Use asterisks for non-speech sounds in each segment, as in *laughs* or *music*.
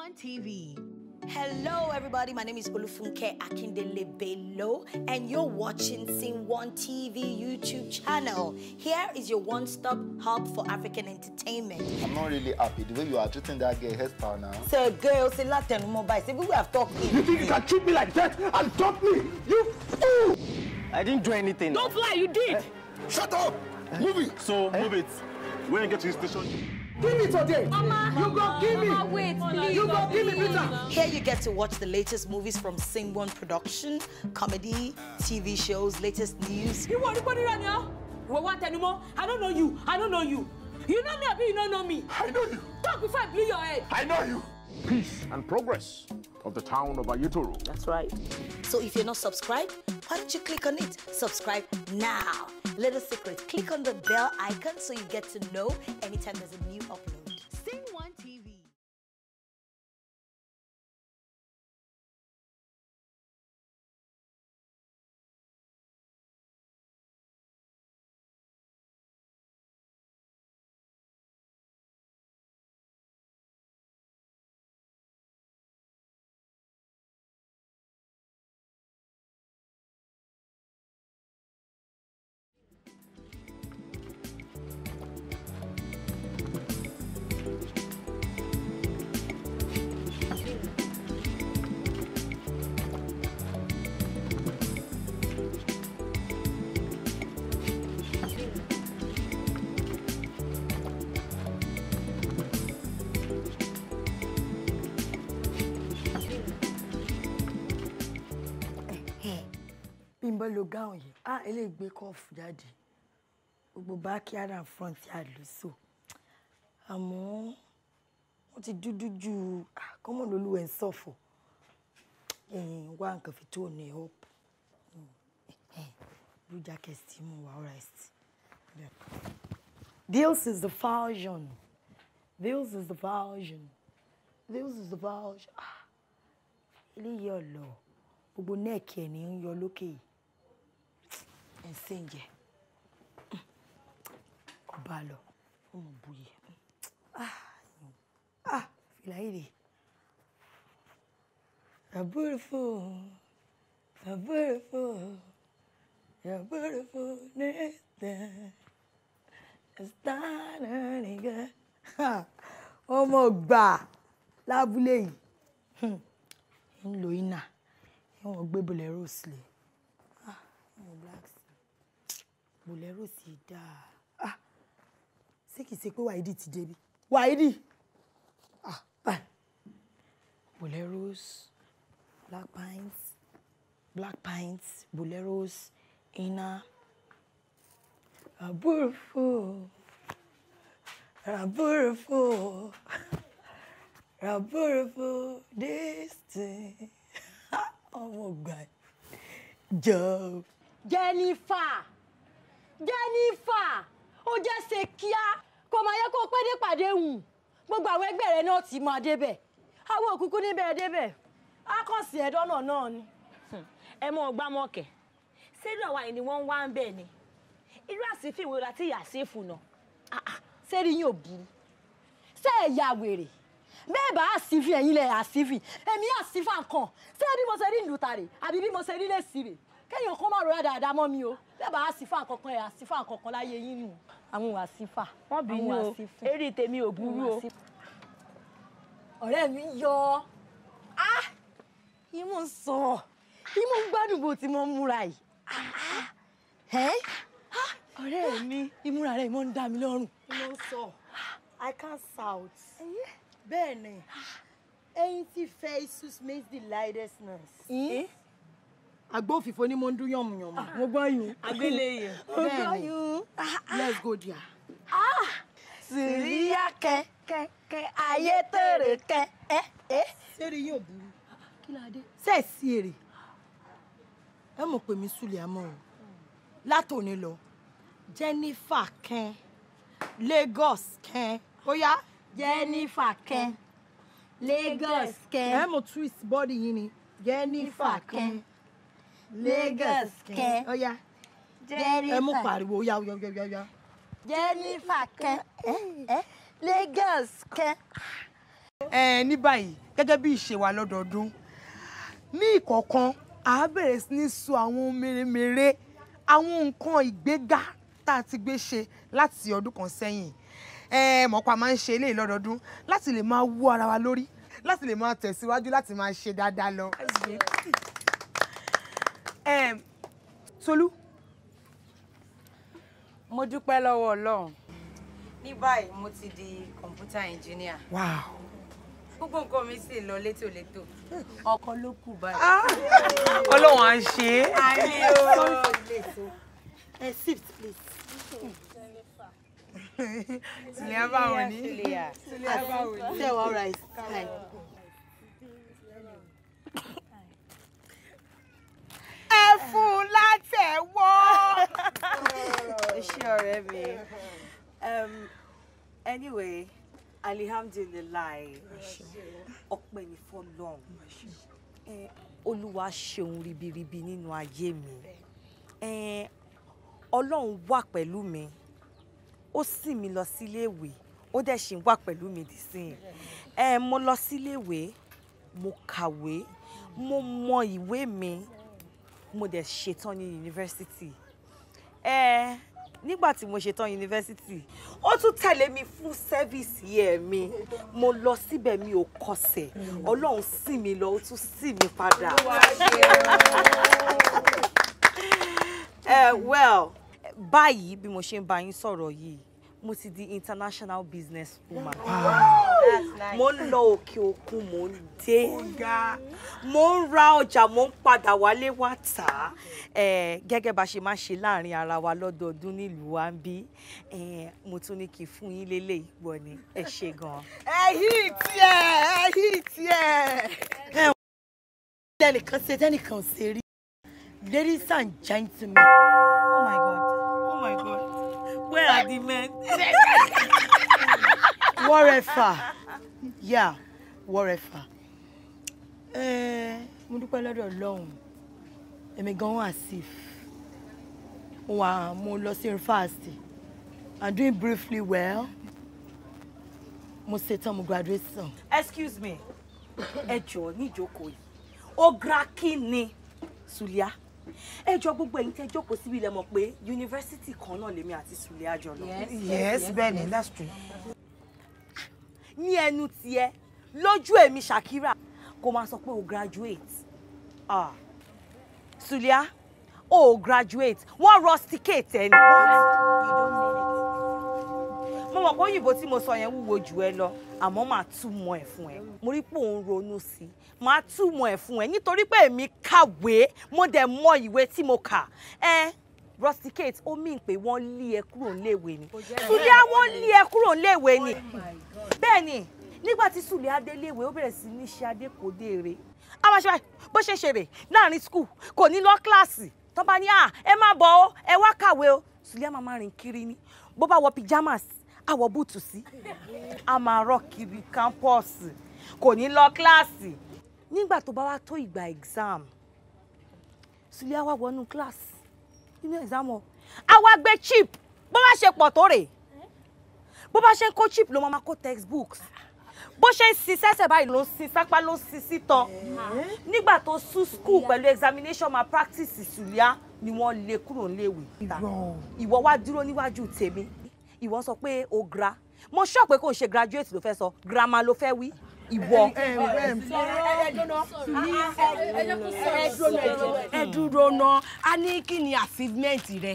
One TV. Hello, everybody. My name is Olufunke Akindele Bello, and you're watching Sing One TV YouTube channel. Here is your one-stop hub for African entertainment. I'm not really happy the way you are treating that girl hairstyle now. So, girl, say Latin mobile. Say we have talked. You think you can treat me like that and dump me? You fool! I didn't do anything. Don't lie, you did. Eh? Shut up. Eh? Move it. So eh? move it. When you get to the station. Give me today. Mama, you go give me. Mama, wait, please. You go give me, Peter. Here you get to watch the latest movies from Sing One Production, comedy, TV shows, latest news. You want anybody right here? We want anymore? I don't know you. I don't know you. You know me, Abi. You don't know me. I know you. Talk before I blew your head. I know you. Peace and progress of the town of Ayutoro. That's right. So if you're not subscribed, why don't you click on it? Subscribe now. Little secret, click on the bell icon so you get to know anytime there's a new upload. bẹ́ lo gáwọn yìí á ah, eléyìí gbé kọ́ọ̀fù jáde gbogbo backyard front yard ló so àmọ́ wọ́n ti dúdú ju kọ́mọ̀ ah, lólu ẹ̀ ń sọ̀fọ̀ ẹ̀yìn wá nǹkan fi tó ní help blue jacket mu wa alright. Deals is the version. This is the version. This is the version. Ah, eléyìí ọ̀lọ́ gbogbo nẹ́ẹ̀kì ẹ̀ ní ń yọ lókè yìí ẹ̀ ọba lọ ọmọ buyì ah, ah, fìlà ìrè You're beautiful. You're beautiful. You're beautiful. Nathan. It's not a nigga. Ọmọ gbà lábúlé yìí. Hmm, ń lo iná. Ń wọ́n gbébùlẹ̀ Rose lè. mo lérò sí i dáa ah ṣé kìí ṣe pé wàhídì ti débi wàhídì ah bye boleros black pint black pint boleros iná àbúrúfò àbúrúfò àbúrúfò destin *laughs* ọmọ gbà jọ. Jennifer. Jennifer ó jẹ́ ṣe kíá kò máa yẹ kó pé nípàdé hùn gbogbo àwọn ẹgbẹ́ rẹ náà ti máa débẹ̀ àwọn òkùnkùn níbẹ̀ débẹ̀ á kàn sí ẹ̀dọ́nà náà ni. Hmm. ẹ mọ ọgbà mọkẹ sẹlẹ àwa yìí ni wọn ń wá ń bẹ ni irú àsìfì wo la ti yà sí ìfúnà sẹ́rí ah, ah. yín ò burú ṣé ẹ̀ ya wèrè bẹ́ẹ̀ bá àsìfì ẹ̀yin lẹ̀ àsìfì èmi àsìfà kan ṣé bí mo ṣe rí ìlú tàrè àbí bí mo ṣe rí lè sí rè kéèyàn kó má rọra dáadáa mọ́ mi o bẹ́ẹ̀ bá àsìfà kankan ẹ̀ àsìfà kankan láyé yín nù àwọn àsìfà wọ́n bí inú eré tèmi ò burú o. ọ̀rẹ́ mi yọ ah! imú ń sọ imú ń gbádùn bó ti mọ́ múra yìí ah! Ah! ọ̀rẹ́ mi ìmúra rẹ̀ mọ́ ń dá mi lọ́rùn. mo sọ i can't shout bẹ́ẹ̀ ni ẹyin ti fẹ́ isus makes the lightest noise agbófinfo ni mo ń dún yànmùyànmù. Ah. mo gbọ́ yín. agbélé yẹn. *laughs* mo gbọ́ yín. Ah. let's go there. Ah. sìríyá kẹ kẹ kẹ ayé tèrè kẹ ẹ ẹ. sẹ́rí yóò burú. kí la dé. sẹ́ẹ̀sì èrè ẹ mọ̀ pé mi sùlẹ̀ àmọ́ o látòní lọ Jennifer kẹ́n Lagos kẹ́n ó yá. Jennifer kẹ́n Lagos kẹ́n. ẹ mọ̀ twist bọ́ọ̀dì yìí ni Jennifer kẹ́n. Lagos kẹ́ ọ̀yá Jennifer ẹ mú pariwo yá yá yá yá. Jennifer kẹ́ Lagos kẹ́. ẹ ní báyìí gẹ́gẹ́ bí ìṣe wa lọ́dọọdún ní ìkọ̀ọ̀kan à á bẹ̀rẹ̀ sí ní sọ àwọn mèremère àwọn nǹkan ìgbéga tá a ti gbé ṣe láti ọdún kan sẹ́yìn mọ̀pá máa ń ṣe eléyìí lọ́dọọdún láti lè máa wú ara wa lórí láti lè máa tẹ̀síwájú láti máa ṣe dáadáa lọ. Tolú mo dúpẹ́ lọ́wọ́ Ọlọ́run ní báyìí mo ti di computer engineer. Wow. Gbogbo nǹkan mi sì lọ létòlétò. Ọkọ ló kù báyìí. Ah! Ọlọ́run á ṣe é. Ayé o. Ẹ eh, sift please. Tìlẹ̀ abáwọn ni. Tìlẹ̀ abáwọn ah, ni. Tẹ̀wọ̀ rice. fún un látẹ̀wọ́. iṣẹ́ *laughs* ọ̀rẹ́ mi um, anyway alihamdulilayi ọpẹ́ ni fọ́lọ́run olúwa ṣeun ribiribi nínú ayé mi ọlọ́run wà pẹ̀lú mi ó sì mí lọ síléèwé ó dẹ̀ ṣì ń wà pẹ̀lú mi dìsìn mo lọ síléèwé mo kàwé mo mọ ìwé mi mo dẹ̀ ṣetán ní yunifásitì ẹ nígbà tí mo ṣetán yunifásitì ó tún tẹ̀lé mi fún sẹ́fíìsì ẹ̀ mi mo lọ síbẹ̀ mi ò kọsẹ̀ ọlọ́run ṣì mí lọ ó tún ṣì mí padà. *laughs* well báyìí bí mo ṣe ń bá yín sọ̀rọ̀ yìí mo ti di international business woman. mo ń lọ òkè òkun mo ń dé mo ń ra ọjà mo ń padà wálé wá tà á gẹ́gẹ́ bá ṣe máa ṣe láàrin ara wa lọ́dọọdún nílùú wa ń bí mo tún ní kí n fún yín lélẹ̀ ìgbọ́ ni ẹ ṣe gan-an. ẹ hí tiẹ̀ ẹ hí tiẹ̀. tẹnìkan ṣe tẹnìkan ṣe rí ladies and gentlemen where are the men? Wọ́rẹ́fà, yà Wọ́rẹ́fà. Mo dúpẹ́ lọ́dọ̀ Ọlọ́run, èmi gan wà safe. Mo wà mo lọ sí fast. I'm doing briefly well. Mo ṣetán mo graduate Excuse me, ẹ ni joko. yìí, ó gra kí ni ẹjọ́ gbogbo ẹ̀yin tẹ́ jókòó síbi ilẹ̀ mọ̀ pé yunifásitì kan náà lèmi àti sùlẹ̀ àjọ lọ. yes bẹ́ẹ̀ ni that's true. Ah, ní ẹnu tiẹ̀ lójú èmi Shakira kò máa sọ pé o graduate ah sùlẹ̀ o graduate wọ́n rusticate ẹni. you mo mọ̀ pé òyìnbó tí mo sọ yẹn wúwo jù ẹ lọ àmọ́ màá túmọ̀ ẹ̀ fún ẹ mo rí pé òun ronú sí i màá túmọ̀ ẹ̀ fún ẹ nítorí pé èmi kàwé mo dẹ̀ mọ ìwé tí mo kà ẹ rusticate ó mìn pé wọ́n lé ẹ kúrò níléèwé ni sùlẹ̀ wọ́n lé ẹ kúrò níléèwé ni oh bẹ́ẹ̀ ni nígbà tí sùlẹ̀ adéléèwé ó bẹ̀rẹ̀ sí ní ṣe adékòdéèrè a máa ṣe báyìí bó ṣe ṣeré láàrin skul kò ní lọ kíláàsì tó bá ní à ẹ má bọ̀ ọ́ ẹ wá kàwé o sùlẹ̀ máa máa rìn kiri ni bó bá wọ pyjamas àwọ̀ bùtù sí a máa rọ́ kiri kámpọ́ọ̀sì kò ní lọ kíláàsì nígbà tó bá wá tó ìgbà exam sílé àwa wọnú kíláàsì nínú exam ọ àwa gbé chip bó bá ṣe pọ̀ tó rè bó bá ṣe ń kó chip ló máa kó textbooks bó ṣe ń sin sẹ́sẹ̀ báyìí ló ń sin sápá ló ń sin sítan nígbà tó sún school pẹ̀lú examination ma practice ìsúlíà ni wọ́n lé kúrò níléèwé ìwọ wá dúró níwájú tèmi ìwọ sọ pé o gra mo sọ pé kò ń ṣe graduate ló fẹ́ sọ grandma ló fẹ́ wí ìwọ. ẹ dúró ná a ní kí ni achievement rẹ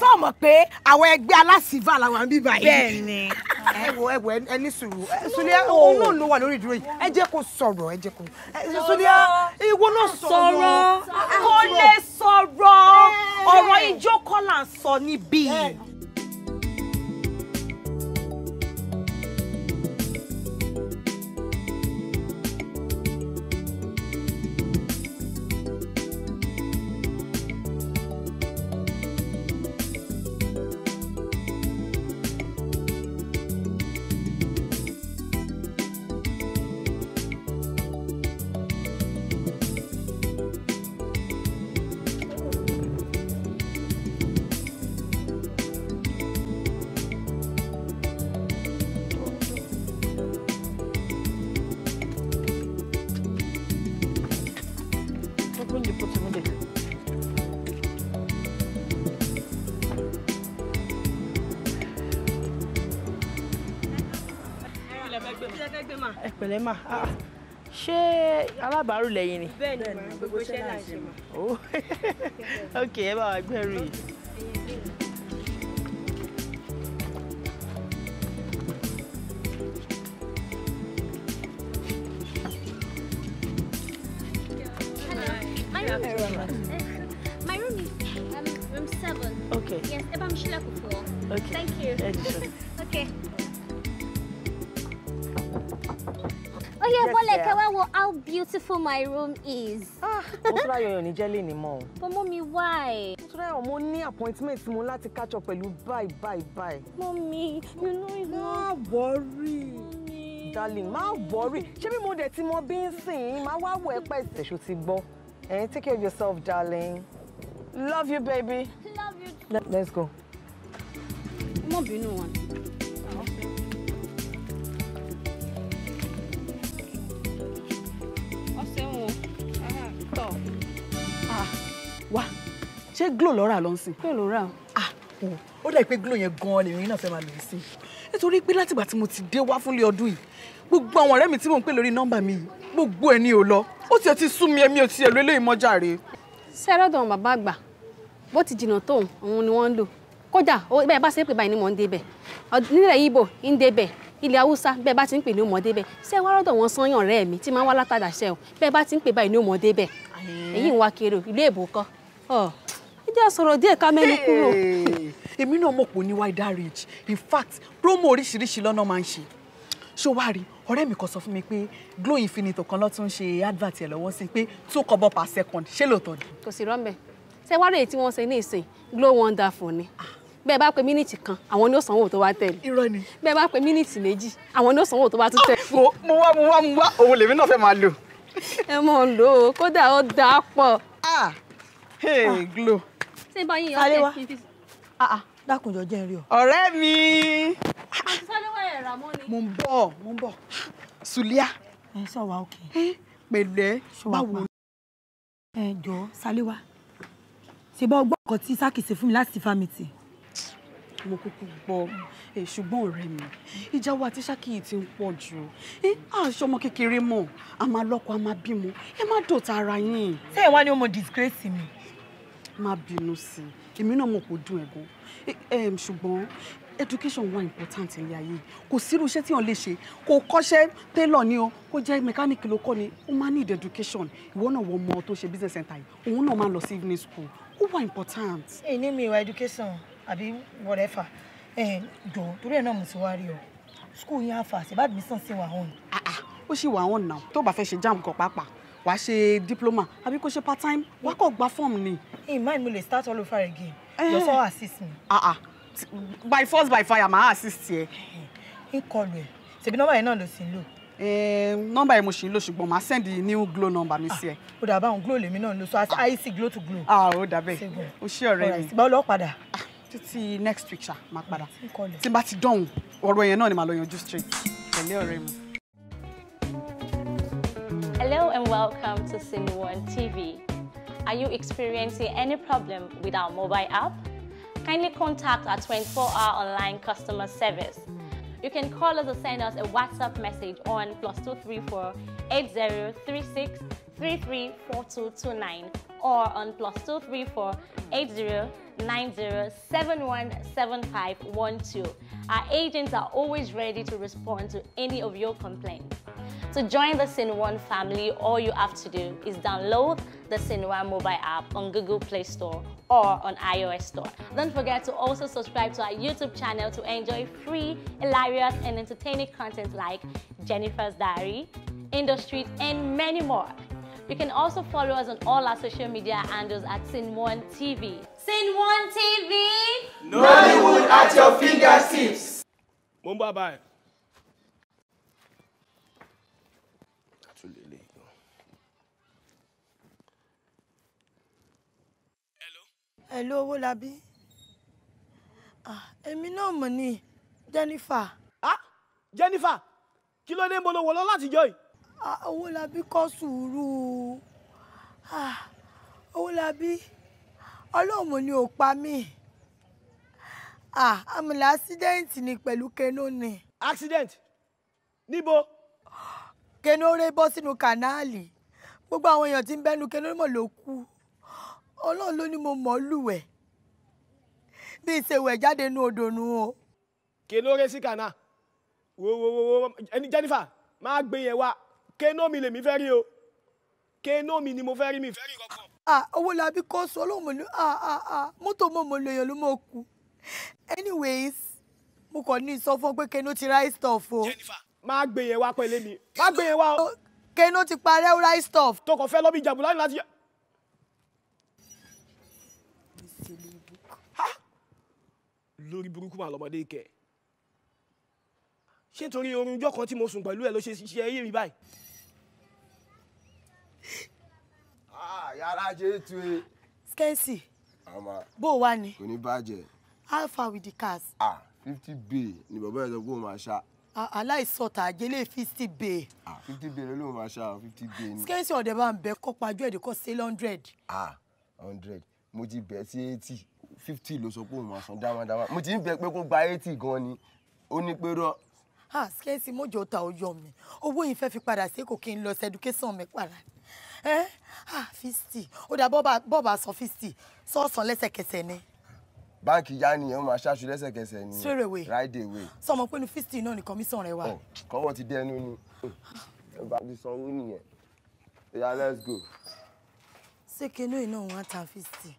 fọmọ pé àwọn ẹgbẹ́ aláṣìífà làwọn bí báyìí. bẹ́ẹ̀ni ẹ wo ẹ wo ẹ ní sùúrù sùlíà òun ló wà lórí ìdúró yìí ẹ jẹ́ kó sọ̀rọ̀ ẹ jẹ́ kó sùlíà ìwọ náà sọ̀rọ̀ kò lè sọ̀rọ̀ ọ̀rọ̀ ìjókòó là ń sọ níbí. Ah, ah. lẹ́yìn ni. ok ẹ bá wa gbẹ́rù My room is um, room seven. Okay. Yes, Ebam Shilakupo. Okay. Thank Okay. Thank you. *laughs* wọlé kẹ́ wá wo how beautiful my room is. Ah. mo tún ráyọ̀ yàn ní jẹ́lẹ̀ ní mọ́ o. bọ́mọ mi why. mo tún ráyọ̀ mo ní appointment mo láti catch up pẹ̀lú bye bye bye. Mommy, you know you know. má worry. darling má worry ṣé bí mo dẹ̀ ti mọ bí ń sìn yín má wá wọ ẹ pẹ́ ti gbọ́. take care of yourself darling. Love you, baby. Love you. Let, let's go. Mo bínú wọn. ṣé glo lọ́ra ló ń sìn. glo lọ́ra ah, ó dà pé glo yẹn gan-an lèmi náà fẹ́ máa lò ó sí. nítorí pé látìgbà tí mo ti dé wá fúnlé ọdún yìí gbogbo àwọn ọ̀rẹ́ mi tí mò ń pè lórí nọ́mbà mi yìí gbogbo ẹ̀ ni ò lọ ó tiẹ̀ ti sún mi ẹ̀mí ò tiẹ̀ lé léyìn mọ́jà rè. sẹ́rọ̀dọ̀ bàbá àgbà bó ti jìnnà tóun òun ni wọ́n ń lò kódà bẹ́ẹ̀ bá ṣe é pè báyìí ni mò ń débẹ̀ nílẹ̀ ibo ń débẹ̀ ilẹ̀ haúsá bẹ́ẹ̀ bá ti ń pè ní òmòdé bẹ́ẹ̀ ṣé wàá rọ́dọ̀ wọn sanyàn rẹ́ mi tí máa ń wá látàdà ṣẹ́ o bẹ́ẹ̀ bá ti ń pè báyìí ní òmòdé bẹ́ẹ̀ èyí ń wá kiri ìlú èbó kọ́ jẹ́ àsọ̀rọ̀ díẹ̀ ká mẹ́nu kúrò. èmi náà mọ̀ pé ní wide range in fact promo oríṣiríṣi lọ́nà máa ń ṣe ṣó wá rí ọ̀rẹ́ mi kan sọ fún mi pé Glo Infinity kan lọ́tún ṣe advert ẹ̀ lọ́wọ́ sí pé two kobo per second ṣé lóòótọ́ ni. kò sí rọ́ọ̀mẹ̀ ṣé wàá rèé tí wọ́n ṣe ní ìsìn Glo Wonderful ni ah. bẹ́ẹ̀ bá pé mínítì kan àwọn ni ó sanwó tó bá tẹ̀lé irọ́ ni bẹ́ẹ̀ bá pé mínítì méjì àwọn ni ó sanwó tó bá tún tẹ̀lé. Ah, mo wá mo wá mo wá òun lèmi náà fẹ́ máa lò. ẹ mọ̀ ń lò ó kódà ó dáa pọ̀. ah hey Glo ṣé bá yín yọ ṣe kí n fi. Ah, ah. dákunjọ jẹ́ n rí ọ. ọ̀rẹ́ mi. sálíwá ẹ̀ rà mọ́ ni. mo ń bọ̀ mo ń bọ̀ sùlíà. ẹ sọ wa òkè. pẹ̀lẹ́ báwo. ẹ jọ sálíwá ṣe bá ọgbọ́n kan tí sákì ṣe fún mi láti fa mi tì. mo kúkú gbọ́ ṣùgbọ́n ọ̀rẹ́ mi ìjà àti sákì yìí ti ń pọ̀ jù aṣọ ọmọ kékeré mọ̀ a máa lọ́kọ bímọ ẹ má dọ̀tá ara yín. sẹ́yìn wá ni ó mọ disgrace mi má bínú sí i èmi náà mọ̀ kó dùn ẹ̀ gan e, ṣùgbọ́n education wà important ilé ayé kò sírú iṣẹ́ tí wọ́n lè ṣe kò kọ́ṣẹ́ tailor ni o kò jẹ́ mechanic ló kọ́ ni ó máa need education ìwọ náà wọ ọmọ tó ṣe business center yìí òun náà máa lọ sí evening school ó wà important. èyí ní mi ìwà education àbí whatever jọ torí ẹ náà mo ti wá rí ọ school yẹn àfà àti bad business wà hàn. Ah, ah, ó sì wà hàn náà tó bá fẹ́ ṣe jam kan pàápàá wàá ṣe diploma àbí kó ṣe part time wàá kàn gba form ni. in mind mo le start all over again eh. your son assist me. ah ah by force by fire màá assist yẹ. n kọlu ẹ ṣèbí nọ́mbà yẹn náà ló sì ń lò. Eh, nọ́mbà yẹn mo ṣì ń lò ṣùgbọ́n màá send new glow number mi sí ẹ. o ah, dà àwọn glow lèmi náà ń lò so as i glow to glow. ah o dà bẹ́ẹ̀ o ṣé ọ̀rẹ́ mi. ìgbà wo padà. Ah, títí next week ṣá máa padà tí n bá ti dọ̀hún ọ̀rọ̀ yẹn náà ni màá lọ yanjú straight pẹ̀lẹ́ ọ̀rẹ́ mi. Hello and welcome to Cine TV. Are you experiencing any problem with our mobile app? Kindly contact our 24-hour online customer service. You can call us or send us a WhatsApp message on plus 234 8036 334229 or on plus 234 8090717512. Our agents are always ready to respond to any of your complaints. To join the Sinwan family, all you have to do is download the Sinwan mobile app on Google Play Store or on iOS Store. Don't forget to also subscribe to our YouTube channel to enjoy free, hilarious and entertaining content like Jennifer's Diary, Industry and many more. You can also follow us on all our social media handles at Sinwan TV. Sinwan TV! Nollywood at your fingertips! Mumbai bye. tún lè léyìí gan. Hello Owólabí ah, èmi náà mọ̀ ni Jennifer. ah Jennifer kí ló dé ń bolo wò lọ láti jọ yìí. Ah, Owólabí kọ́ sùúrù ah, Owólabí ọlọ́run mọ̀ ni ò pa mí àmì accident ni pẹ̀lú kẹ́nọ́ accident níbo kẹnu ó ré bọ́ sínú kànáàlì gbogbo àwọn èèyàn tí ń bẹ́nu kẹnu ó mọ̀ ló kú ọlọ́run ló ní mo mọ̀ ọ́ lùwẹ̀ bí ìṣèwẹ̀ jáde nú odò nu o. kẹnu ó ré sí kànáà wo wo wo ẹni Jennifer máa gbé yẹn wá kẹnu mi lèmi fẹ́ rí o kẹnu mi ni mo fẹ́ rí mi fẹ́ rí kankan. owó labí kọ́ sọ ọlọ́run mo ní mọ́tò mọ́ mo lè yàn ló mọ̀ kú anyways mo kàn ní ìsọfún pé kẹnu ti ráì stọ̀f o. Jennifer máa gbé yẹn wa pẹ̀lẹ́ mi máa gbé yẹn wa. o. keno ti pa rẹ́wúráì stuff. tọkọ fẹ́ lọ́bí ìjàmbá láti Ha? lórí burúkú màá lọmọdé kẹ ṣé torí oorun ọjọ́ kan tí mo sùn pẹ̀lú ẹ ló ṣe ṣe ayé mi báyìí. Ah ṣe é tu e. skẹ́sì bó o wá ni. kò ní bàjẹ́. how far with the cars. ah fifty b. ni bàbá yẹn sọ pé òun máa aláìsọta àjẹlé fifty bay. Ah, fifty bay ló lóun máa ṣá fifty bay ni. skẹ́sì ọ̀dẹ̀ bá ń bẹ kọ́ pajú ẹ̀ dé kọ́ sí hundred. ah hundred mo ti bẹ̀ sí eighty fifty ló sọ pé òun máa san dámadáma mo ti ń bẹ pé kó gba eighty gan ni ó ní pé rọ. ah skẹ́sì mọ́jọ́ ta ọyọ mi owó yìí fẹ́ fi padà sí èkó kí n lọ sí education mi padà eh? ah, fifty ó dà bọ́ọ̀bà sọ fifty sọ́ọ̀sán lẹ́sẹ̀kẹsẹ̀ ni báńkì yá ni ẹ̀wọ̀n máa ṣáṣu lẹ́sẹ̀kẹsẹ̀ ni straight away right away. sọmọ pé ní fifty náà ni commission rẹ wà. Oh, kọ́wọ́ ti dẹnu ni ẹ̀bá ti sanwó nìyẹn yeah let's go. ṣé kenú iná òun á ta fifty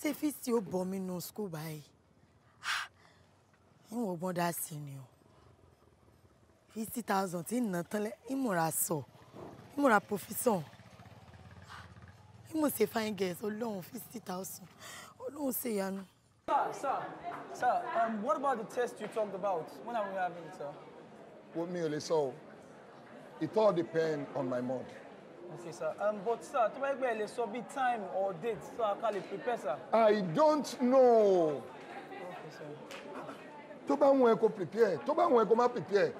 ṣé fifty ó bọ̀ mí nu school báyìí ah, ìwọ̀n ọgbọ́n dá sí ni o fifty thousand tí ń ná tán lẹ́ ìmúra sọ ìmúra profession ah, ìmúṣe fine girls ọlọ́run fifty thousand ọlọ́run ṣèyanu. Sir, sir, sir, um, what about the test you talked about? When are we having it, sir? Well, merely so? It all depends on my mood. Okay, sir. Um, but sir, to make me so be time or date, so I can prepare, sir. I don't know. Okay, sir. Tó bá wọn prepare, tó bá wọn kó prepare.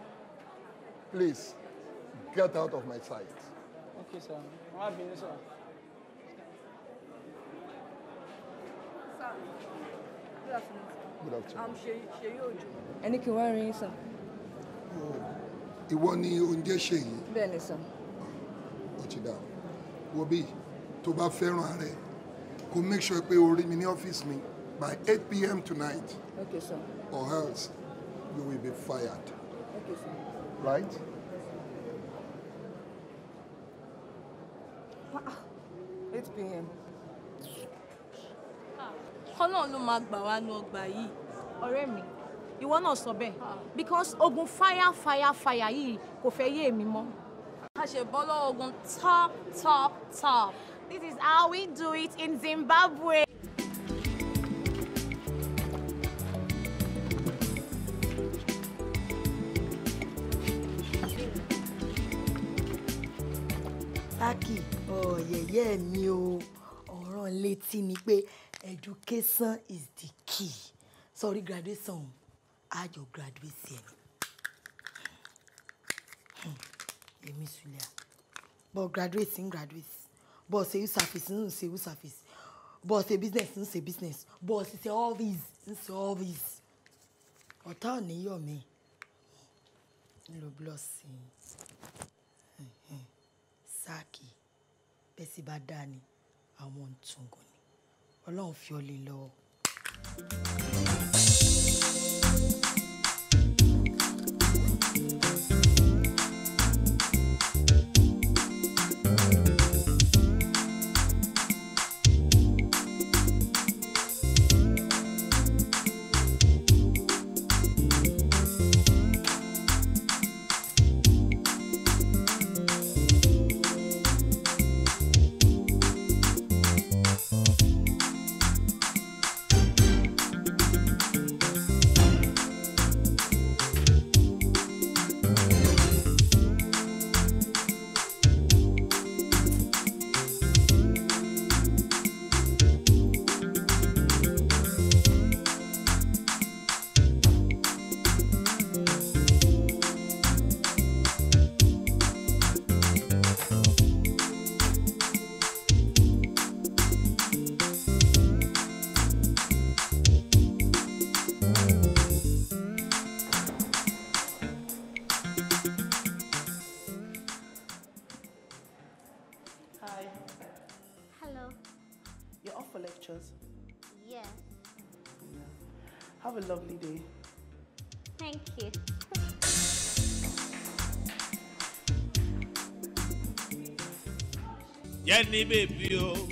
Please, get out of my sight. Okay, sir. I'm happy, sir. Sir. Good afternoon. Good afternoon. I'm shey. Òjó. Ẹni kí wọ́n rin sàn. Ìwọ ni oúnjẹ Ṣèyí. Bẹ́ẹ̀ni sàn. Ó ti dà. Wo bí tó bá fẹ́ràn ààrẹ, kó make sure pé o rí mi ní ọ́fíìsì mi by eight p.m. tonight. Okay, sir. Or else you will be fired. Okay, sir. Right? Ah, eight p.m kọ́lọ́n ló máa gbà wá ní ọgbà yìí. ọ̀rẹ́ mi ìwọ náà sọ bẹ́ẹ̀ because ogun fire fire fire yìí kò fẹ́ yé mi mọ́. a ṣe bọ́ lọ́wọ́ ogun top top top this is how we do it in Zimbabwe. Taki ọ̀yẹ̀yẹ́ mi o ọ̀ràn létí ni pé education is the key sorry graduation àjọ graduate ẹ̀ ni hmm. èmi Sulia but graduate ń graduate but say you surface, ń say you surface. but say business ń say business but ṣe office ń ṣe office ọ̀tá ò ní yọ̀ mí ńlò blọọsì hmm, hmm. sáàkì bẹ́ẹ̀ sì bá dá ni àwọn ò ń tún ọlọ́run fi ọ lè lọ. aqui. Jenny baby oh,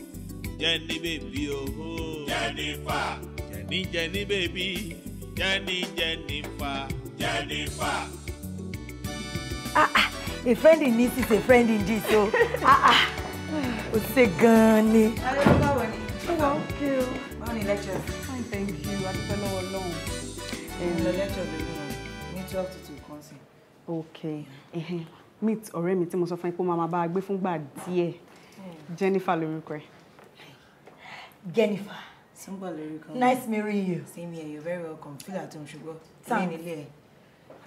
Jenny baby oh, Jennifer, Jenny Jenny baby, Jenny Jennifer, Jennifer. Ah ah, a friend in this is a friend in this o. Ah ah, o ṣe gan-an ni. Ayọ̀ báwo ni? Ṣé o kí o? Báwo Fine thank you, adúpẹ́ lọ́wọ́ Ọlọ́run. Ẹ̀yin lọ lectures lórí twelve to two kan sí. ok meet ọ̀rẹ́ mi tí mo sọ fún yín pé màmá bá a gbé fúngbà díẹ̀ hmm. Jennifer lórúkọ ẹ̀. Jennifer. Simba lórúkọ. nice meeting you. same here you're very welcome feel at home ṣùgbọ́n same nílé ẹ̀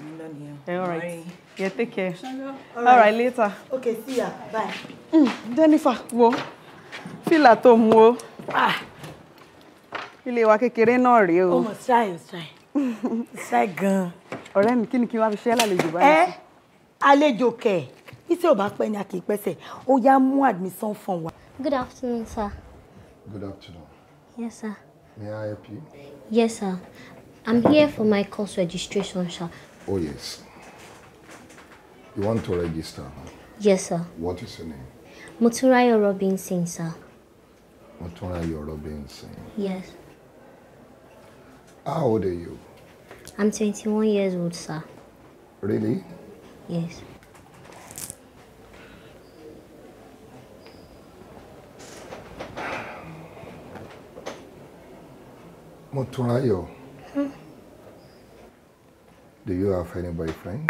mi lọ nìyẹn. Eh, all right yeah take care all right. all right later. okay see ya bye. Mm, Jennifer wo feel at home wo. Ah ilé wa kékeré náà rèé o. ó mọ̀ ṣáì ṣáì ṣáì gan ọ̀rẹ́ mi kí ni kí n wá fi ṣe lálejò báyìí. ẹ àlejò kẹ iṣẹ́ ò bá pẹ́ ni a kì ó yá mú admission form wa. good afternoon sir. good afternoon. yes sir. may I help you. yes sir I'm here for my course registration sir. oh yes you want to register. yes sir. what is your name. Motunrayo Robinson sir. Motunrayo Robinson. yes. how old are you. I'm 21 years old, sir. Really? Yes. Motunrayo. Hmm? Do you have any boyfriend?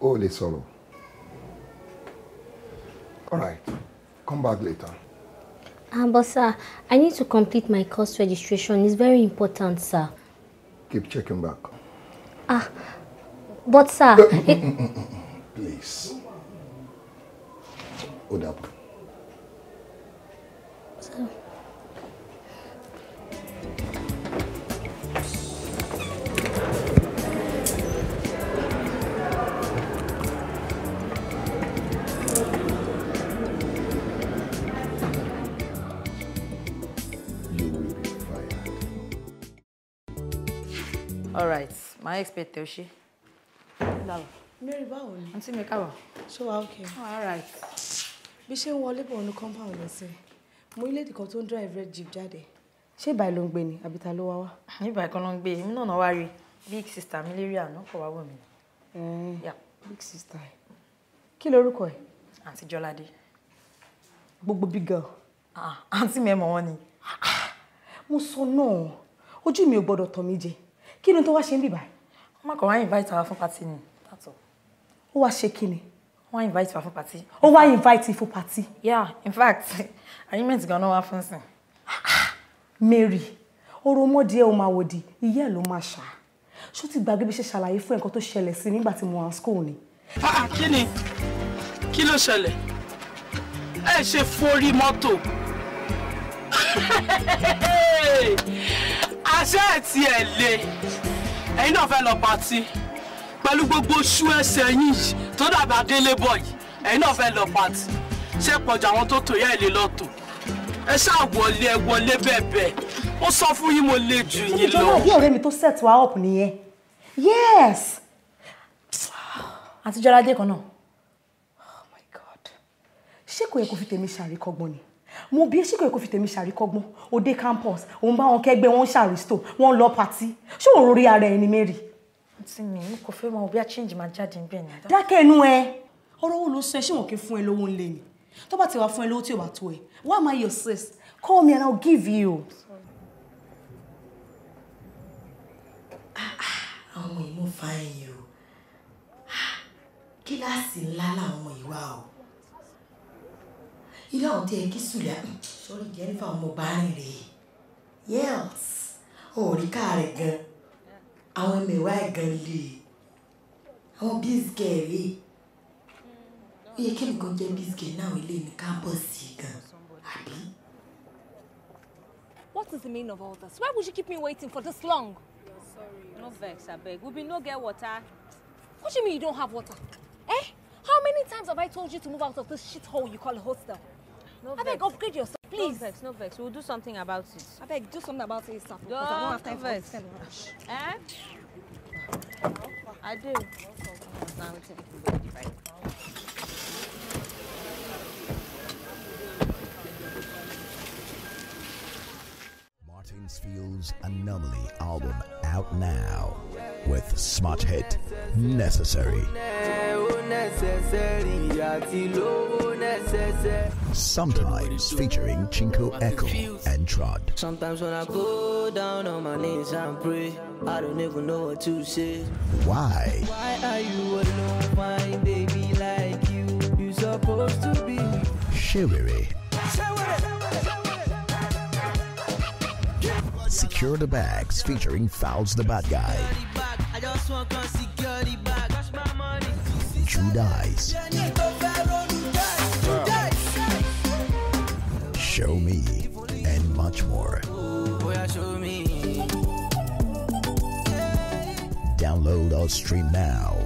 Oh, solo. All right. Come back later. Ah, but sir, I need to complete my course registration. It's very important, sir. Keep checking back. Ah, but sir... *coughs* Please. Hold up. máa expect ẹ o ṣe. Mary báwo ni. àǹtí mi káàbọ̀. ṣé wàá okay. oh all right. bí ṣe ń wọlé bọ̀ ní compound lọ́sẹ̀ mo ilé ìdìkan tó ń drive red jeep jade. ṣé ìbàyí ló ń gbé ni àbí ta ló wá wá. ìbàyí kan ló ń gbé èmi náà náà wá big sister mi lérí àná kò wá wò mí. big sister kí lorúkọ ẹ. àǹtí jọládé. gbogbo big girl. àǹtí ah, mi ẹ mọ̀ wọ́n ni. Ah, mo sọ náà ojú mi ò gbọ́dọ̀ tọ̀ mí jẹ kí ni tó wá ṣe ń má why invite her for party that's all. Who wá shaking? Why invite her for party. ó why invite her for party. yeah in fact *laughs* arrangement gan-an wá fún sìn. Mary oromọdé ẹ ò máa wòdì ìyá ẹ ló máa ṣá ṣó ti gbàgbé bí ṣe ṣàlàyé fún ẹ̀kan tó ṣẹlẹ̀ sí nígbà tí mo wà school ni. Ah, ah, kí ni kí ló ṣẹlẹ̀ ẹ ṣe forí mọ́tò *laughs* àṣẹ ẹ̀ ẹ̀yin náà fẹ́ lọ pàtí pẹ̀lú gbogbo ṣú ẹsẹ̀ yín tó dàbí adélébọ̀ yìí ẹ̀yin náà fẹ́ lọ pàtí ṣé pọ̀jù àwọn tó tò yá ẹ̀ lè lọ tò ẹ ṣáà wọlé ẹ wọlé bẹ́ẹ̀ bẹ́ẹ̀ ó sọ fún yín mo lè jù yín lọ. ìjọba bí ọ̀rẹ́ mi tó set wa up nìyẹn yes àtijọ́ kan náà oh my god ṣé kò yẹ kó fi tèmi ṣàríkọ́gbọ́n ni mo bí eṣíkò èkó fi tèmi ṣàríkọ́gbọ́n òde campus òun bá wọn kẹ́gbẹ́ wọn ṣàrìstò wọn lọ pàtí ṣé òun rori ara ẹni mary. àǹtí mi mi kò fẹ́ mọ bí a change máa jáde níbẹ̀ ni. dákẹ́ ẹnu ẹ ọ̀rọ̀ wo ló sọ ẹ ṣé wọn kì í fún ẹ lówó ńlẹ̀ ni tó bá ti wá fún ẹ lówó tí ò bá tó ẹ why am I your sis call me and I will give you. àwọn ìmú fa ẹyìn o kíláàsì ńlá làwọn ìwà o ilé àwọn tí ẹ kí sùlẹ̀ sọ́rí jẹ́rífà ọmọ bárìn rèé yẹ́ẹ̀s òòrí káàrẹ̀ gan àwọn ẹmẹ̀wá ẹ̀ gan lè àwọn bíìsìkẹ̀ rè ó yẹ kí nǹkan jẹ́ bíìsìkẹ̀ náà ilé ní kámpọ̀sì gan àbí. What is the meaning of all this? Why would you keep me waiting for this long? No vex, abeg. We been no get water. What do you mean you don't have water? Eh? How many times have I told you to move out of this shithole you call a hostel? No I beg, upgrade yourself, please. No vex, no vex. We'll do something about it. I beg, do something about it, Sapo. Because I don't have time vex. for this. Eh? I do. Now Martinsfield's Anomaly album out now with smart hit Necessary sometimes featuring Chinko Echo and Trod. Sometimes when I go down on my knees and pray, I don't even know what to say. Why? Why are you alone, my baby, like you? You supposed to be Shiriri. Secure the bags featuring Fouls the Bad Guy. Judice. Show Me, and much more. Download or stream now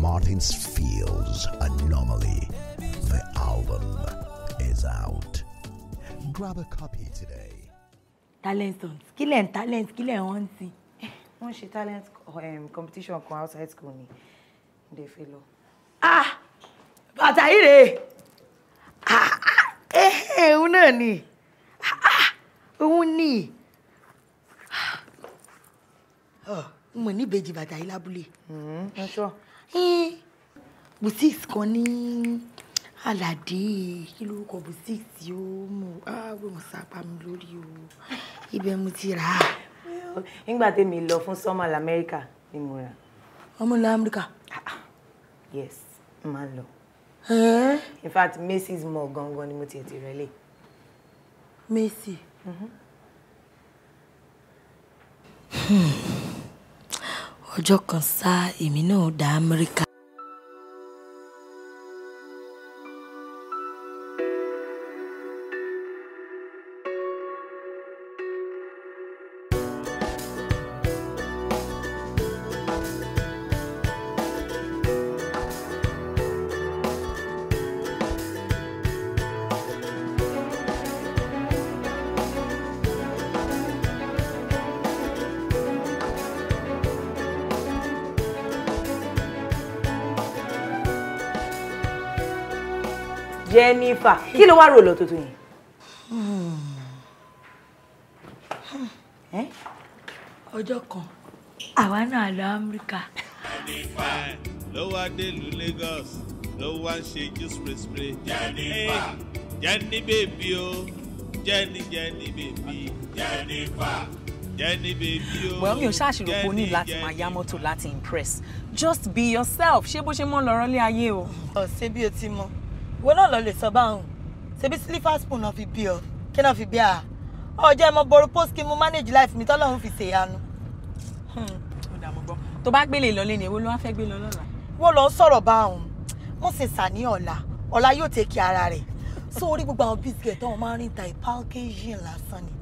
Martin's Fields Anomaly. The album is out. Grab a copy today. Talent skill and talent skill and hunting. *laughs* wọ́n ṣe talent um, competition kan outside school ni de fe lọ. ah bàtà yìí rèé ah ah eh òun náà ni òun ni mo ní ìbejì bàtà yìí lábúlé mm-hmm. eh, boutique kan ní aládé kí ló kọ boutique tí ó mọ àwọn sábà mi lórí o ibẹ̀ mo ti rà á. nígbà tèmi lọ fún summer lamẹ́ríkà ni mo rà. ọmọ lamẹ́ríkà. Ah, ah. yes máa lọ in fact macy's mall gangan ni mo tiẹ̀ ti rẹ̀ lè. macy. Mm-hmm. ọjọ́ kan sá èmi náà dá amẹ́ríkà. fà kí ló wá rò lọ tuntun yìí. Hmm. Hmm. ọjọ́ kan àwa náà lọ Amẹ́ríkà. ló wá délùú Lagos ló wá ń ṣe jù spray-spray. jẹ́nifà jẹ́ni bèbí o jẹ́ni jẹ́ni bèbí jẹ́nifà jẹ́ni bèbí o. well mi ò ṣàṣìrò pé o ní láti máa yá mọ́tò láti impress just be yourself ṣé bó ṣe mọ́ lọ́rọ́ lé ayé o. ọ̀sẹ̀ bí o ti mọ̀ ìwé náà lọ lè sọ báwọn ṣebí sílífà spoon náà fi bí ọ kí náà fi bí a ọjọ́ ẹ mọ boru post kí mo manage life mi tọ́lọ́run fi ṣèyanu. Hmm. tó bá gbélé lọ lẹ́nu èwo ló wá fẹ́ gbé lọ lọ́la. wọ́n lọ sọ̀rọ̀ báwọn mo sì sà ní ọ̀la ọ̀la yóò tẹ̀kí ara rẹ̀ so orí gbogbo àwọn biscuit tọ́wọ́n máa ń rìn ta ìpalkejìn lásán ni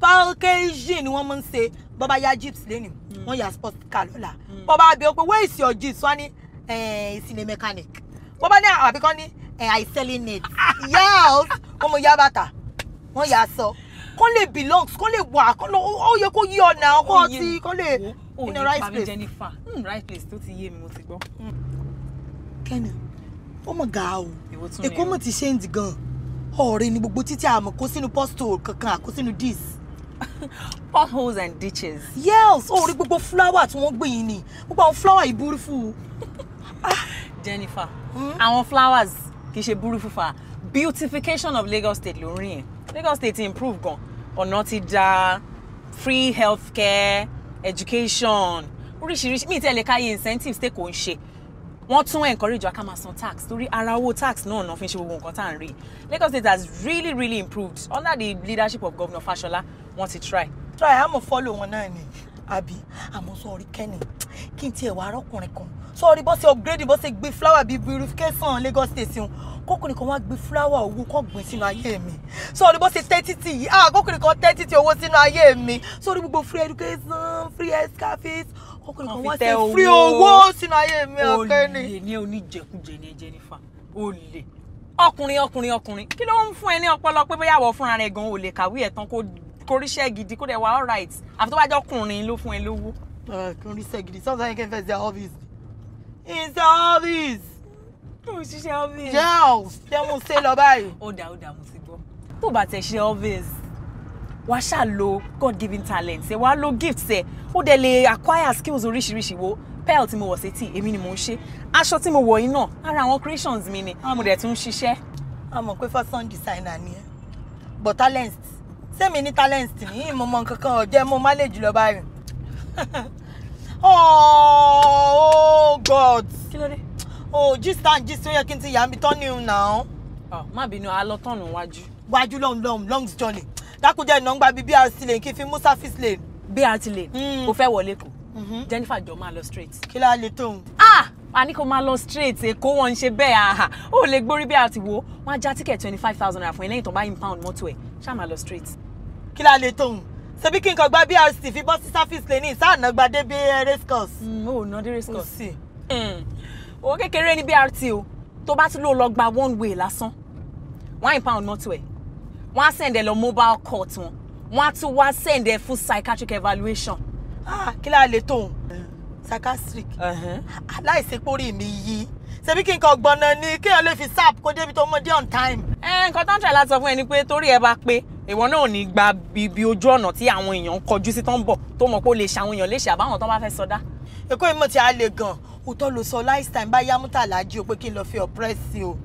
packaging ni wọ́n mú ń ṣe bọ́bá ya jeeps lẹ́nu hmm. wọ́n ya sport car lọ́la hmm. bọ́bá abẹ́ ó pé where is your jeeps wọ́n ní ìsinmi eh, mechanic bọ́bá ní ah, àbíkọ́ ní and I selling it. yes, ọmọ ìyá bàtà, wọ́n yà sọ. Kọ́ lè belongs, kọ́ lè wà, kọ́ lọ, ó yẹ kó yí ọ̀nà ọkọ̀ ti, kọ́ lè in the right place. Jennifer, mm, right place tó ti yé mi, mo ti gbọ́. Hmm. Kẹ́nì, ó mọ̀ ga o, Èkó mọ̀ ti ṣéǹdì gan-an. Ọ̀rẹ́ ni gbogbo títí àmọ́ kó sínú pọ́stò kankan àkó sínú dis. *laughs* potholes and ditches. yes ó rí gbogbo flower tí wọ́n gbìn yìí ni gbogbo àwọn flower yìí beautiful. *laughs* Jennifer hmm? àwọn mm? flowers kì í ṣe burú fúfa beautification of Lagos State ló rìn Lagos State ti improve gan ọ̀nà ti da free healthcare education oríṣiríṣi mi tẹ́lẹ̀ káyé incentives tẹ́ kò ń ṣe wọ́n tún encourage wa ká máa san tax torí ara owó tax náà náà fi ṣe gbogbo nǹkan tá à ń rí Lagos State has really really improved under the leadership of Governor Fashola wọ́n ti try. try àmọ́ follow wọn náà ni àbí àmọ́ sọ orí kẹ́ni kí n tiẹ̀ wá arọ́kùnrin kan sọ́ọ́rí bó ṣe upgrade bó ṣe gbé flower bíi purification Lagos state un kókò nìkan wá gbé flower owó kọ́ gbìn sínú ayé mi sọ́ọ́rí bó ṣe tẹ́tí tì yìí ah kókò nìkan tẹ́tí tì owó sínú ayé mi sọ́ọ́rí gbogbo free education free health cafes kókò nìkan wá ṣe free owó sínú ayé mi ọ̀kẹ́ni. olè ní oníjẹkújẹ ní ẹjẹ nífà olè ọkùnrin ọkùnrin ọkùnrin kí ló ń fún ẹ ní ọpọlọ pé bóyá àwọ̀ fúnra rẹ̀ gan-an kàwé ẹ̀ tán kó ríṣẹ́ gidi kó dẹ̀ wá all right àfi tó bá jọ ọkùnrin ló fún ẹ lówó. ọkùnrin ṣẹ́gidi sọ́sọ́ yẹn kẹ́fẹ́ sí ọ́fíìsì in the office. mo ṣiṣẹ́ office. yes ṣé mo ṣe lọ báyìí. ó dà ó dà mo ti gbọ́ tó bá tẹ̀ ṣe office wàá ṣáà god given talent ẹ wàá lo gift ẹ ó dẹ̀ lè acquire skills oríṣiríṣi wo pearl tí mo wọ̀ sétí èmi ni mo ń ṣe aṣọ tí mo wọ̀ yìí náà ara àwọn creations mi ni àwọn ọmọdé tún ń ṣiṣẹ́. a mọ̀ pé fashion designer ni ẹ́ but talent sẹ́mi ní talent ní ìmọ̀mọ́ kankan ọ̀jẹ́ mo má lè jùlọ báyìí. *laughs* Oh, oh god. kí ló dé. oh gist and gist ó yẹ kí n ti yà mí tán ní un náà. ọ má bínú alọ́tọ̀nù wájú. wájú long lọ́hùn longs journey dákújẹ́ ìnáwó bíi brt lane kí n fi musa fis lane. brt lane kò fẹ́ wọlé kù mm-hmm. jennifer jọ máa lọ straight. kí ló á le tóun. ah a ní kó máa lọ straight èkó wọn ń ṣe bẹ́ẹ̀ àhà ó lè gbórí bí a ti wò ó wọn á já ticket twenty five thousand naira fún ẹ lẹ́yìn tó bá impound mọ́tò ẹ̀ ṣáà máa lọ straight. kí ló á le tóun. Sebi kí n kàn gba BRT fi bọ́ sí surface cleaning sáànà gba débi eh, race course. o mm, ná dé race course. Mm. owó kékeré ní BRT o tó bá tún lò lọ gba one way lásán one pound mọ́tò ẹ̀ wọ́n á sẹ̀ǹdẹ̀ lọ mobile court wọn wọ́n á tún wá sẹ̀ǹdẹ̀ fún psychiatric evaluation. ah kí láà lè tó òun psychiatric aláìsí pórí mi yí Sebi kí n kàn gbọ́nà ni kéèyàn lè fi sap kó débi tó mọ́ dé on time. ẹ eh, nǹkan tó ń tẹ̀ láti sọ fún ẹ ni pé torí ẹ bá pé ìwọ náà ò ní gba ibi ojú ọ̀nà tí àwọn èèyàn ń kọjú sí tó ń bọ̀ tó mọ̀ pé ó lè ṣe àwọn èèyàn léṣe àbáwọn tó bá fẹ́ sọdá. èkó ìmọ̀ tí a lè gan òótọ́ ló sọ láìsàn bá yá mútàlá jí o pé kí n lọ fi ọ̀pẹ́rẹ́sì o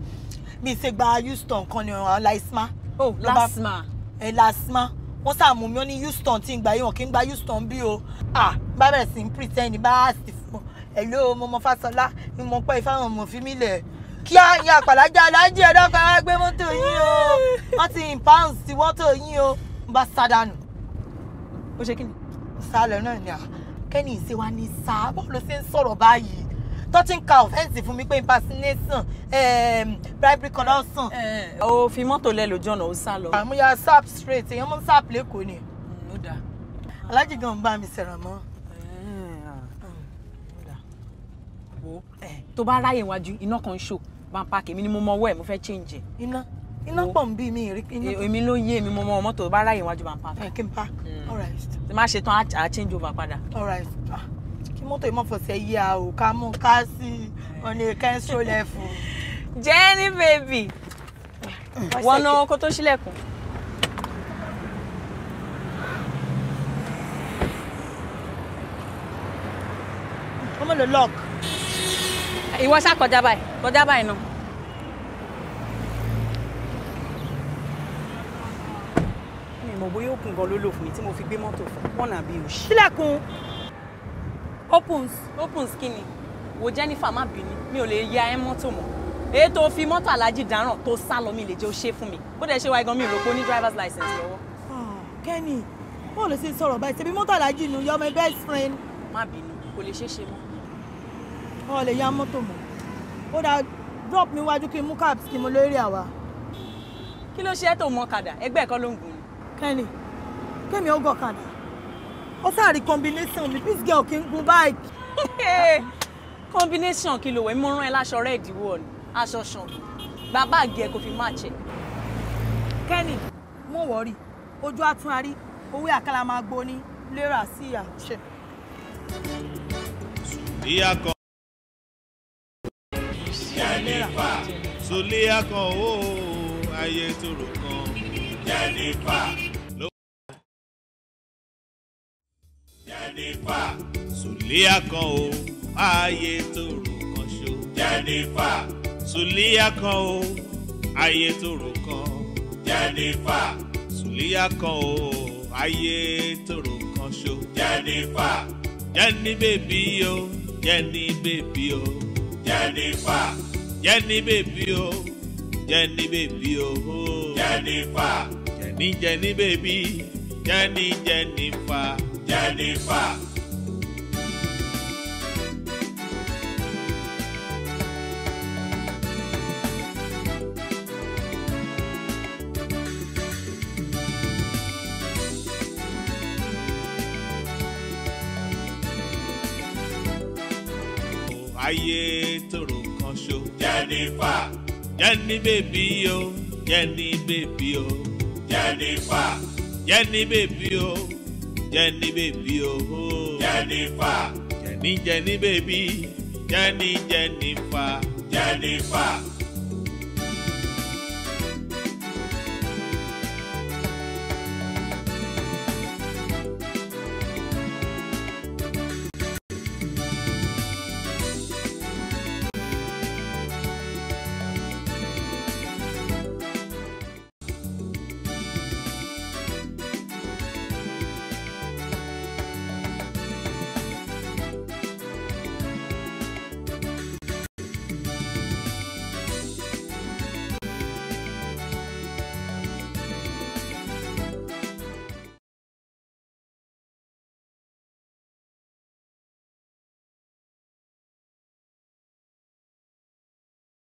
mi ṣe gba houston kan ní ọ̀ràn láìsímá. o lásìmá. ẹ lásìmá wọ́n sàmú mi ó ní houston tí ń gbà yíwọ̀n kí ń gba houston bí o. à bá bẹ̀rẹ̀ sí ń pìtẹ́ni bá a sì fún ẹ̀ ló mo mọ fásọlá ni mo pẹ́ ìfáwọn mọ̀ fi mí lẹ̀ kíá yín àpàlájà aláàjì ẹ̀dọ́kan wá gbé mọ́tò yín o wọ́n ti impound ti mọ́tò yín o ń bá sádànù ó ṣe kí ni sálẹ̀ náà ni à kẹ́ni ìṣe wa ní sá báwo ló ṣe ń sọ̀rọ̀ báyìí tó ti ń ka ọ̀fẹ́ǹsì fún mi pé impersonation ehm, bribery corruption. Eh, eh. o fi mọ́tò lẹ lójú ọ̀nà ó sá lọ. àmúyá sap straight èèyàn mú sap lẹ́kọ̀ọ́ ni. Hmm, ó dáa. alájì gan ń bá mi sẹ̀ràn mọ́. Eh, ah. hmm, tó bá ráyè wájú iná kan ń ṣò bá park. páàkì ni mo mọ ọwọ́ mo fẹ́ change. iná iná pọ̀ ń bí mi rí iná e, pọ̀. èmi ló yé èmi mo mọ mọ́tò bá ráyè wájú bá ń ẹ kí n pa mm. all right. ṣe tán á change over padà. all ah, kí mọ́tò yìí mọ̀ fọ̀sẹ̀ yí a ò ká mú ká sí ọ̀nà kẹ́ńsó lẹ́fù. Jenny baby mm. wọnà kó tó ṣílẹ̀kùn. ọmọ lè lọ́ọ̀kì ìwọ ṣá kọjá báyìí kọjá báyìí nù. mi ò mọ̀ bóyá oògùn gan ló lò fún mi tí mo fi gbé mọ́tò fún wọn àbí òṣì. sílẹ̀kùn opens opens kíni wo Jennifer má bínú mi ò lè ya ẹ́ mọ́tò mọ́ èyí tó fi mọ́tò aláàjì dáràn tó sá lọ mi lè jẹ́ ó ṣe fún mi bó dẹ̀ ṣe wáyé gan mi ò ní driver's license lọ́wọ́. Ah, Kenny bó o lè ṣe sọ̀rọ̀ báyìí ṣebí mọ́tò aláàjì nù you're my best friend. má bínú kò lè ṣeé ṣe mọ́ wọn lè ya mọ́tò mọ́ ó dáa drop mi wájú kí n mú cabs kí n mú lórí àwa. kí ló ṣe é tó mọ ọ̀kadà ẹgbẹ́ ẹ̀kọ́ ló ń gùn. kẹ́ni kémi ó gọ̀kadà ó sáàrí combination mi peace girl kì í gun báyìí. combination kí ló wẹ̀ mo rán ẹ láṣọ rẹ̀ ìdíwọ́ ni aṣọ ṣàn bàbá àgẹ̀ kò fi máa jẹ. kẹ́ni mo wọ̀ọ́rì ojú àtúnarí owó àkàlà máa gbóni lérà sí àṣẹ. ìyá kan. Jennifer Sulia kan o ayé tòrò kan Jennifer ló wà. Jennifer Sulia kan o ayé tòrò kan ṣo. Jennifer Sulia kan o ayé tòrò kan. Jennifer Sulia kan o ayé tòrò kan ṣo. Jennifer Jenny bèbí o Jenny bèbí o. Jennifer. Jenny baby oh, Jenny baby oh, Jennifer. Jenny Jenny baby Jenny Jennifer. Jennifer. ayé tòrò ṣo. Jennifer. Jenny bèbí o Jenny bèbí o. Jennifer. Jenny bèbí o Jenny bèbí o. Jennifer. Jenny Jenny bèbí Jenny Jennifer. Jennifer.